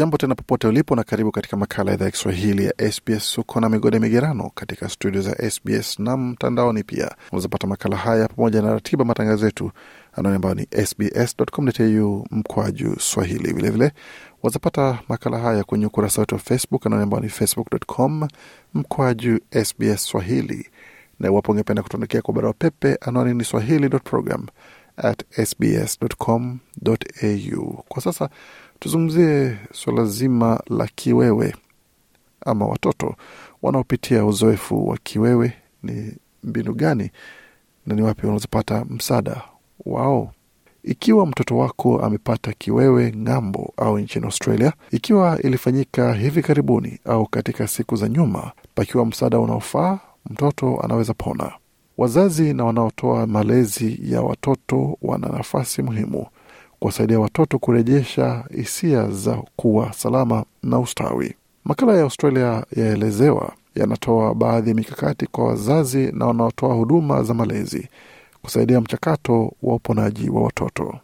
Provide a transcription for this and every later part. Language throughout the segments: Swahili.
Jambo tena popote ulipo na karibu katika makala idhaa ya Kiswahili ya SBS. Uko na migode migerano katika studio za SBS na mtandaoni pia. Unazapata makala haya pamoja na ratiba matangazo yetu anaoni ambayo ni sbs.com.au mkwaju swahili. Vilevile wazapata makala haya kwenye ukurasa wetu wa Facebook anaoni ambayo ni facebook.com mkwaju sbs swahili, na iwapo ungependa kutuandikia kwa barua pepe anaoni ni swahili program at sbs.com.au. Kwa sasa Tuzungumzie swala zima la kiwewe ama watoto wanaopitia uzoefu wa kiwewe, ni mbinu gani na ni wapi wanazopata msaada wao? Ikiwa mtoto wako amepata kiwewe ng'ambo au nchini Australia, ikiwa ilifanyika hivi karibuni au katika siku za nyuma, pakiwa msaada unaofaa, mtoto anaweza pona. Wazazi na wanaotoa malezi ya watoto wana nafasi muhimu kuwasaidia watoto kurejesha hisia za kuwa salama na ustawi. Makala ya Australia yaelezewa yanatoa baadhi ya mikakati kwa wazazi na wanaotoa huduma za malezi kusaidia mchakato wa uponaji wa watoto.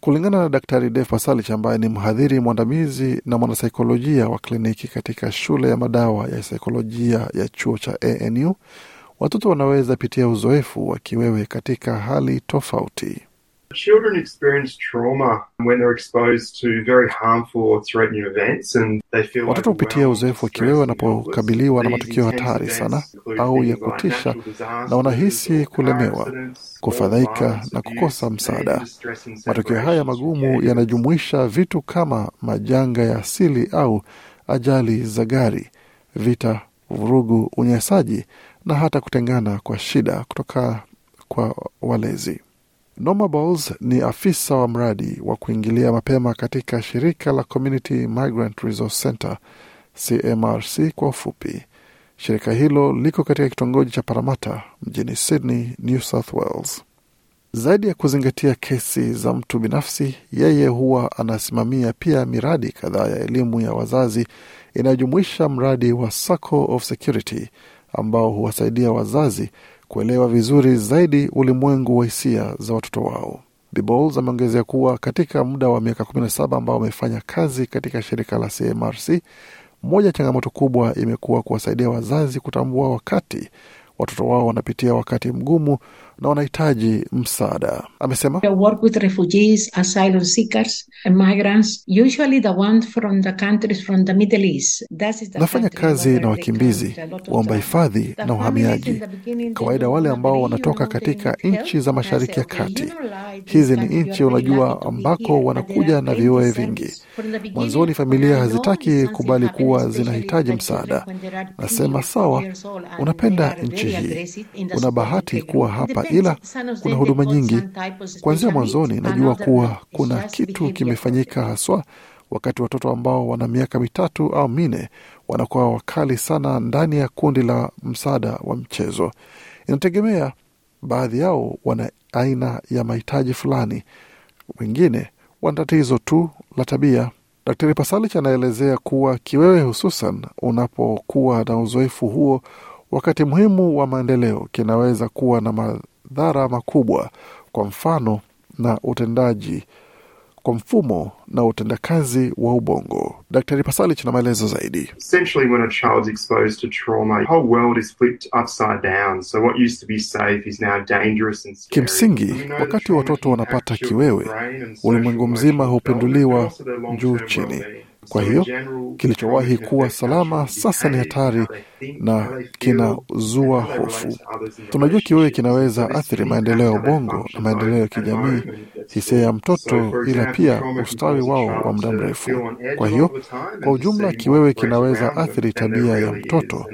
Kulingana na Daktari defasalich ambaye ni mhadhiri mwandamizi na mwanasaikolojia wa kliniki katika shule ya madawa ya saikolojia ya chuo cha ANU, watoto wanaweza pitia uzoefu wa kiwewe katika hali tofauti. Children experience trauma when they're exposed to very harmful or threatening events and they feel watoto hupitia uzoefu wa kiwewe wanapokabiliwa na matukio hatari sana au ya kutisha, na wanahisi kulemewa, kufadhaika na kukosa msaada. Matukio haya magumu yanajumuisha vitu kama majanga ya asili au ajali za gari, vita, vurugu, unyanyasaji na hata kutengana kwa shida kutoka kwa walezi. Nomables ni afisa wa mradi wa kuingilia mapema katika shirika la Community Migrant Resource Center CMRC kwa ufupi. Shirika hilo liko katika kitongoji cha Paramata mjini Sydney, New South Wales. Zaidi ya kuzingatia kesi za mtu binafsi, yeye huwa anasimamia pia miradi kadhaa ya elimu ya wazazi inayojumuisha mradi wa Circle of Security ambao huwasaidia wazazi kuelewa vizuri zaidi ulimwengu wa hisia za watoto wao. Bibols ameongezea kuwa katika muda wa miaka 17 ambao wamefanya kazi katika shirika la CMRC, moja changamoto kubwa imekuwa kuwasaidia wazazi kutambua wakati watoto wao wanapitia wakati mgumu na wanahitaji msaada. Amesema nafanya kazi na wakimbizi, waomba hifadhi na uhamiaji, kawaida wale ambao wanatoka katika nchi za Mashariki ya Kati. Hizi ni nchi unajua, ambako wanakuja na vioe vingi. Mwanzoni familia hazitaki kubali kuwa zinahitaji msaada. Nasema sawa, unapenda nchi hii, una bahati kuwa hapa ila kuna huduma nyingi. Kuanzia mwanzoni, najua kuwa kuna kitu kimefanyika, haswa wakati watoto ambao wana miaka mitatu au minne wanakuwa wakali sana ndani ya kundi la msaada wa mchezo. Inategemea, baadhi yao wana aina ya mahitaji fulani, wengine wana tatizo tu la tabia. Daktari Pasalich anaelezea kuwa kiwewe, hususan unapokuwa na uzoefu huo wakati muhimu wa maendeleo, kinaweza kuwa na madhara makubwa, kwa mfano na utendaji kwa mfumo na utendakazi wa ubongo. Daktari Pasalich na maelezo zaidi. Kimsingi, wakati watoto wanapata kiwewe, ulimwengu mzima hupinduliwa juu chini kwa hiyo kilichowahi kuwa salama sasa ni hatari na kinazua hofu. Tunajua kiwewe kinaweza athiri maendeleo ya ubongo na maendeleo ya kijamii, hisia ya mtoto, ila pia ustawi wao wa muda mrefu. Kwa hiyo, kwa ujumla, kiwewe kinaweza athiri tabia ya mtoto,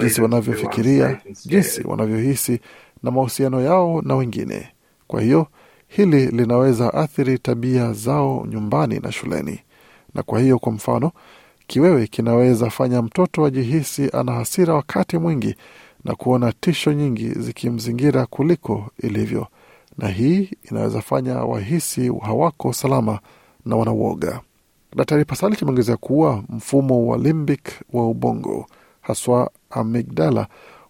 jinsi wanavyofikiria, jinsi wanavyohisi na mahusiano yao na wengine. Kwa hiyo, hili linaweza athiri tabia zao nyumbani na shuleni. Na kwa hiyo kwa mfano, kiwewe kinaweza fanya mtoto ajihisi ana hasira wakati mwingi na kuona tisho nyingi zikimzingira kuliko ilivyo, na hii inaweza fanya wahisi hawako salama na wanauoga. Daktari Pasali kimeongezea kuwa mfumo wa limbic wa ubongo haswa amigdala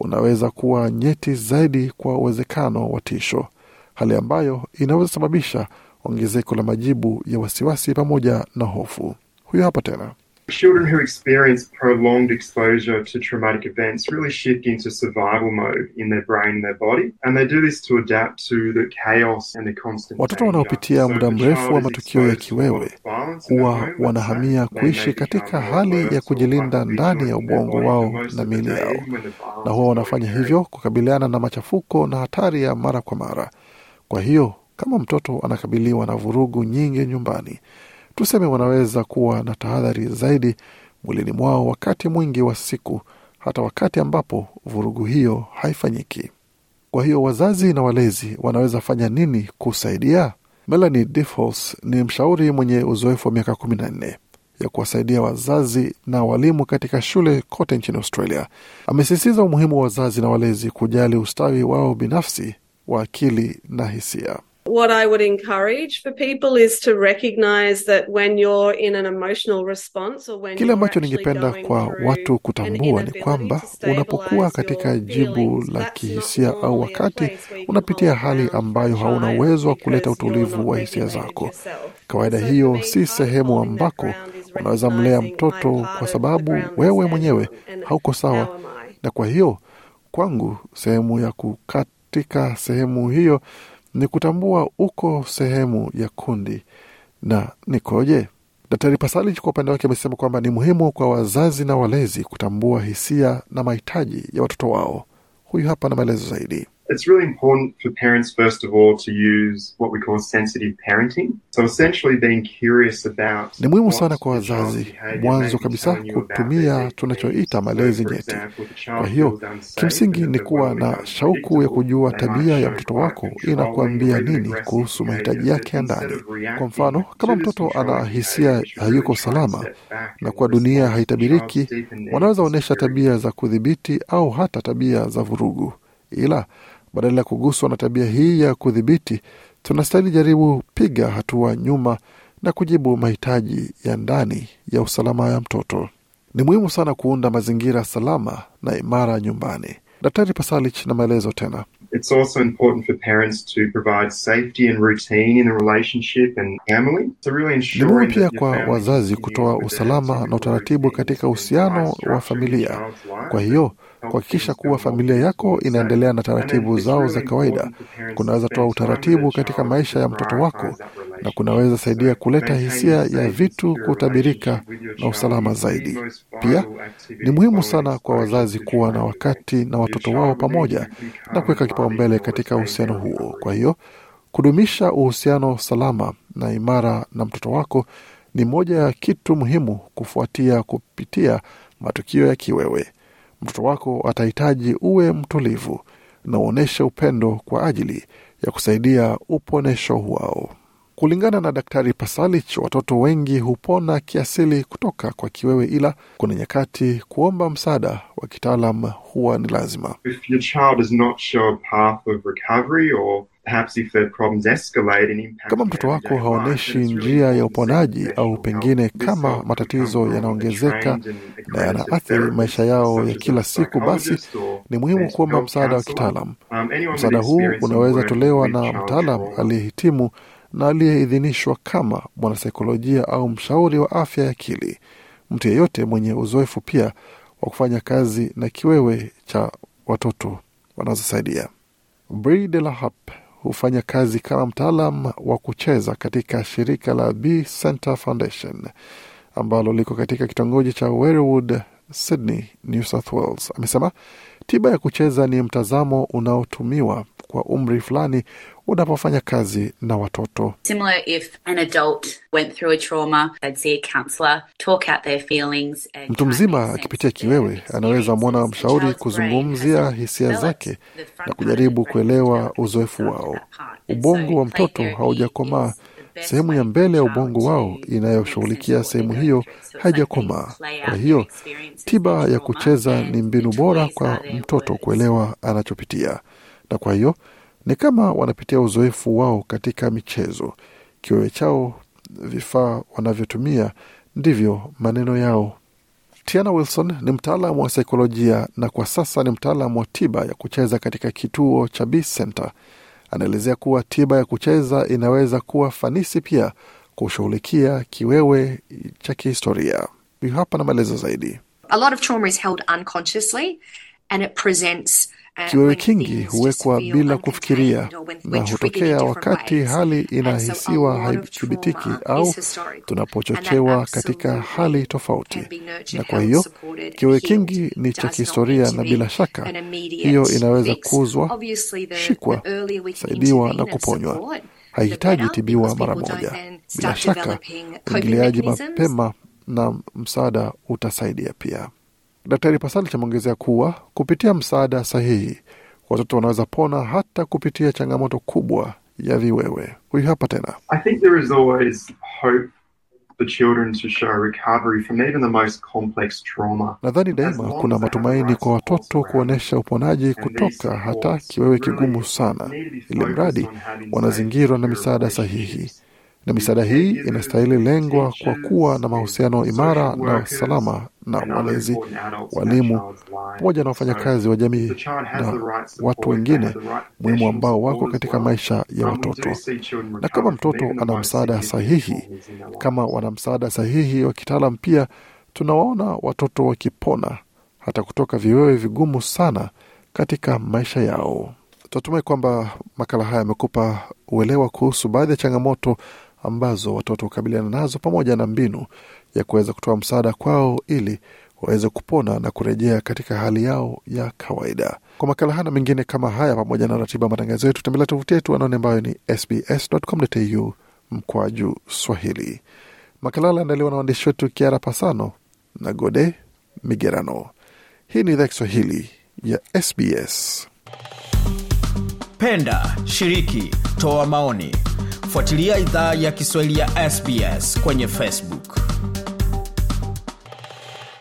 unaweza kuwa nyeti zaidi kwa uwezekano wa tisho, hali ambayo inaweza sababisha ongezeko la majibu ya wasiwasi pamoja na hofu. Huyo hapa tena. Children who experience prolonged exposure to traumatic events really shift into survival mode in their brain and their body, and they do this to adapt to the chaos and the constant. Watoto wanaopitia muda mrefu wa matukio ya kiwewe huwa wanahamia kuishi katika hali ya kujilinda ndani ya ubongo wao na miili yao, na huwa wanafanya hivyo kukabiliana na machafuko na hatari ya mara kwa mara. Kwa hiyo kama mtoto anakabiliwa na vurugu nyingi nyumbani, tuseme wanaweza kuwa na tahadhari zaidi mwilini mwao wakati mwingi wa siku, hata wakati ambapo vurugu hiyo haifanyiki. Kwa hiyo wazazi na walezi wanaweza fanya nini kusaidia? Melanie Defols ni mshauri mwenye uzoefu wa miaka 14 ya kuwasaidia wazazi na walimu katika shule kote nchini Australia. Amesisitiza umuhimu wa wazazi na walezi kujali ustawi wao binafsi wa akili na hisia. What I would encourage for people is to recognize that when you're in an emotional response or when Kile ambacho ningependa kwa watu kutambua ni kwamba unapokuwa katika jibu la kihisia au wakati unapitia hali ambayo hauna uwezo wa kuleta utulivu wa hisia zako. Kawaida hiyo si sehemu ambako unaweza mlea mtoto kwa sababu wewe mwenyewe hauko sawa, na kwa hiyo kwangu sehemu ya kukatika sehemu hiyo ni kutambua uko sehemu ya kundi na nikoje. Daktari Pasali kwa upande wake amesema kwamba ni muhimu kwa wazazi na walezi kutambua hisia na mahitaji ya watoto wao. Huyu hapa na maelezo zaidi. It's really important for parents, first of all, to use what we call sensitive parenting. So essentially being curious about. Ni muhimu sana kwa wazazi mwanzo kabisa kutumia tunachoita malezi nyeti. Kwa hiyo kimsingi ni kuwa na shauku ya kujua tabia ya mtoto wako inakuambia nini kuhusu mahitaji yake ya ndani. Kwa mfano, kama mtoto ana hisia hayuko salama na kwa dunia haitabiriki, wanaweza onyesha tabia za kudhibiti au hata tabia za vurugu ila badala ya kuguswa na tabia hii ya kudhibiti, tunastahili jaribu piga hatua nyuma na kujibu mahitaji ya ndani ya usalama ya mtoto. Ni muhimu sana kuunda mazingira salama na imara nyumbani. Daktari Pasalich na maelezo tena. It's also important for parents to provide safety and routine in the relationship and family. So really ensuring pia kwa wazazi kutoa usalama na utaratibu katika uhusiano wa familia. Kwa hiyo kuhakikisha kuwa familia yako inaendelea na taratibu zao za kawaida kunaweza toa utaratibu katika maisha ya mtoto wako na kunaweza saidia kuleta hisia ya vitu kutabirika na usalama zaidi. Pia ni muhimu sana kwa wazazi kuwa na wakati na watoto wao pamoja na kuweka kipaumbele katika uhusiano huo. Kwa hiyo kudumisha uhusiano salama na imara na mtoto wako ni moja ya kitu muhimu kufuatia kupitia matukio ya kiwewe. Mtoto wako atahitaji uwe mtulivu na uonyeshe upendo kwa ajili ya kusaidia uponesho wao. Kulingana na Daktari Pasalich, watoto wengi hupona kiasili kutoka kwa kiwewe, ila kuna nyakati kuomba msaada wa kitaalam huwa ni lazima. Kama mtoto wako haonyeshi njia ya uponaji au pengine kama matatizo yanaongezeka na yanaathiri maisha yao ya kila siku, basi ni muhimu kuomba msaada wa kitaalam. Um, msaada huu unaweza tolewa na mtaalam aliyehitimu na aliyeidhinishwa kama mwanasaikolojia au mshauri wa afya ya akili. Mtu yeyote mwenye uzoefu pia wa kufanya kazi na kiwewe cha watoto wanazosaidia. Bri de la hufanya kazi kama mtaalam wa kucheza katika shirika la B Center Foundation ambalo liko katika kitongoji cha Werewood, Sydney, New South Wales. Amesema tiba ya kucheza ni mtazamo unaotumiwa kwa umri fulani unapofanya kazi na watoto. Mtu mzima akipitia kiwewe anaweza mwona mshauri kuzungumzia hisia zake na kujaribu kuelewa uzoefu wao. Ubongo wa mtoto haujakomaa sehemu ya mbele ya ubongo wao inayoshughulikia sehemu hiyo haijakomaa. Kwa hiyo tiba ya kucheza ni mbinu bora kwa mtoto kuelewa anachopitia, na kwa hiyo ni kama wanapitia uzoefu wao katika michezo. Kiwewe chao, vifaa wanavyotumia ndivyo maneno yao. Tiana Wilson ni mtaalamu wa saikolojia na kwa sasa ni mtaalamu wa tiba ya kucheza katika kituo cha B Center. Anaelezea kuwa tiba ya kucheza inaweza kuwa fanisi pia kushughulikia kiwewe cha kihistoria. Hapa na maelezo zaidi. A lot of trauma is held unconsciously and it presents Uh, kiwewe kingi huwekwa bila kufikiria na hutokea wakati hali inahisiwa haithibitiki au tunapochochewa katika hali tofauti, na kwa hiyo kiwewe kingi ni cha kihistoria, na bila shaka hiyo inaweza kuuzwa, shikwa, saidiwa na kuponywa haihitaji tibiwa mara moja. Bila shaka, uingiliaji mapema na msaada utasaidia pia. Daktari Pasali chameongezea kuwa kupitia msaada sahihi watoto wanaweza pona hata kupitia changamoto kubwa ya viwewe. Huyu hapa tena nadhani daima kuna matumaini kwa watoto kuonyesha uponaji kutoka hata kiwewe kigumu sana, ili mradi wanazingirwa na misaada sahihi. Na misaada hii inastahili lengwa kwa kuwa na mahusiano imara na salama na walezi, walimu pamoja na wafanyakazi wa jamii na watu wengine muhimu ambao wako katika maisha ya watoto. Na kama mtoto ana msaada sahihi, kama wana msaada sahihi wa kitaalam, pia tunawaona watoto wakipona hata kutoka viwewe vigumu sana katika maisha yao. Tunatumai kwamba makala haya yamekupa uelewa kuhusu baadhi ya changamoto ambazo watoto hukabiliana nazo pamoja na mbinu ya kuweza kutoa msaada kwao ili waweze kupona na kurejea katika hali yao ya kawaida. Kwa makala hana mengine kama haya, pamoja na ratiba matangazo yetu, tembelea tovuti yetu anaone ambayo ni sbs.com.au mkwaju Swahili. Makala aliandaliwa na waandishi wetu Kiara Pasano na Gode Migerano. Hii ni idhaa ya Kiswahili ya SBS. Penda, shiriki, toa maoni, fuatilia idhaa ya Kiswahili ya SBS kwenye Facebook.